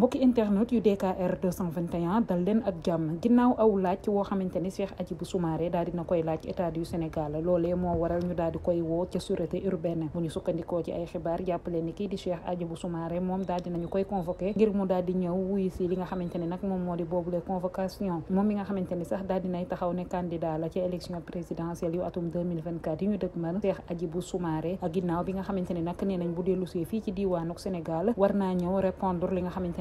mbokki internet yu DKR 221 dal leen ak jàmm ginnaaw aw laaj woo xamante ni Cheikh Hadjibou Soumaré dina koy laaj état du Sénégal loolee moo waral di koy woo ca sûreté urbaine bu ñu sukkandikoo ci ay xibaar jàppale ni kii di moom daal dinañu koy convoqué ngir mu daal di ñëw wuyu si li nga xamante ne nag moom moo di boobule convocation moom mi nga xamante ni sax daal dinay taxaw ne candidat la ci élection présidentielle yu atum 2024 yi ñu dëgmal Cheikh Hadjibou Soumaré ak ginnaaw bi nga xamante ne nag nee nañ bu dellu fii ci diiwaanuk Sénégal war naa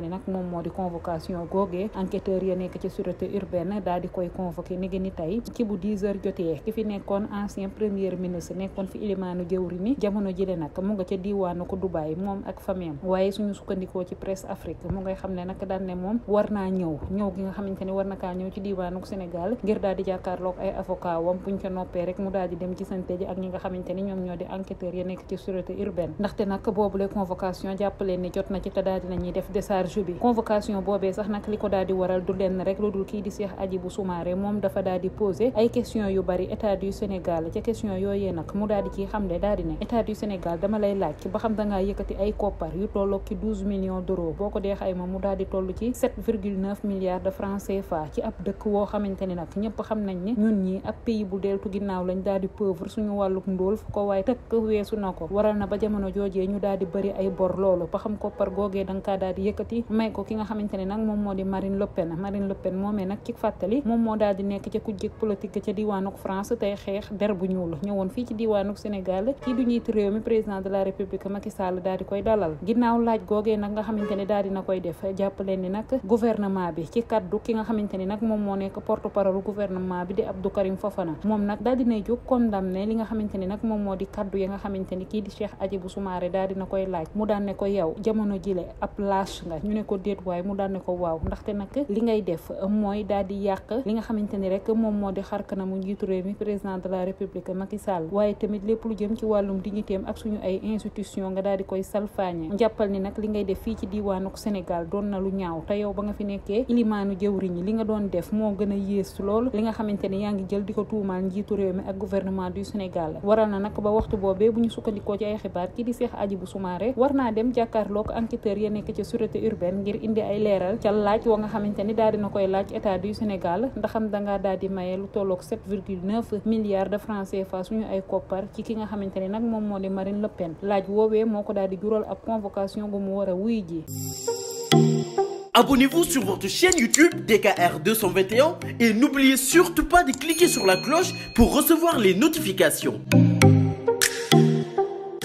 ni nag moom moo di convocation googee enquêteur ya nekk ci sûreté urbaine daal di koy convoqué ni gën ni tey ci bu dix heures jotee ki fi nekkoon ancien premier ministre nekkoon fi ilimaanu jëwri mi jamono jile nak mu nga ca diiwaanu ko Dubaay moom ak famille am waaye suñu sukkandikoo ci presse Afrique mu ngay xam ne nag daal ne moom war naa ñëw ñëw gi nga xamante ne war na kaa ñëw ci diiwaanu Sénégal ngir daal di jàkkaarloog ay avocat wam buñ ca noppee rek mu daal di dem ci sante ak ñi nga xamante ni ñoom ñoo di enquêteurs ya nekk ci sûreté urbaine ndaxte nag boobule convocation jàppaleen ni jot na ci te daal di nañuy def décharge juge bi convocation boobee sax nag li ko daal di waral du lenn rek lu dul kii di Cheikh Hadjibou Soumaré moom dafa daal di posé ay question yu bari état du Sénégal ca question yooyee nag mu daal di ciy xamle daal ne xam da ci milliards de francs CFA ci ab dëkk woo xamante ni nag ñëpp xam nañ ne ñun ñi ab pays bu deltu ginnaaw lañ daal di pauvre suñu wàlluk ndóol fu ko waaye tëkk weesu na ko waral na ba jamono joojee ñu daal di bëri ay bor loolu ba xam koppar googee da kaa daal di may ko ki nga xamante ne nag moom moo di Marine Le Pen Marine Le Pen moomee moom moo daal di nekk ca kujjeg politique ca diwaanuk France tey xeex der bu ñuul ñëwoon fii ci kii du njiit la République Macky Sall di koy dalal ginnaaw laaj googee nag nga xamante ne daal dina koy def jàpp leen ni nag bi ci kaddu ki nga xamante ne nag moom moo nekk porte parole gouvernement bi di Abdou Karim Fofana moom nag daal dinay jóg condamné li nga xamante ne nag moom moo di kaddu ya nga xamante ni kii di Cheikh Hadjibou Soumaré daal dina koy laaj mu daan ne ko yow jamono jile ab lâche nga ne ko déet waay mu daal ne ko waaw ndaxte nag li ngay def euh, mooy la république Macky Sall waaye tamit lépp lu jëm ci wàllum ak li ngay def fii ci diiwaanu Sénégal doon na lu ñaaw te yow ba nga fi nekkee ilimaanu jëwriñ li nga doon def moo gën a yées lool li nga xamante ni yaa ngi jël di ko tuumaal njiitu réew mi ak gouvernement du Sénégal waral na nag ba waxtu boobee bu ñu sukkandikoo ci ay xibaar kii di Cheikh Hadjibou Soumaré war naa dem jàkkaarloo ak enquêteur ya nekk ci sûreté urbaine leen ngir indi ay leeral ca laaj wa nga xamante ni daal dina koy laaj état du Sénégal ndaxam dangaa daal di maye lu tolloog milliards de francs CFA suñu ay koppar ci ki nga xamante ni nag moom moo di Marine Le Pen laaj woowee moo ko daal di jural ab convocation bu mu war a wuy ji Abonnez-vous sur votre chaîne YouTube DKR et n'oubliez surtout pas de cliquer sur la cloche pour recevoir les notifications.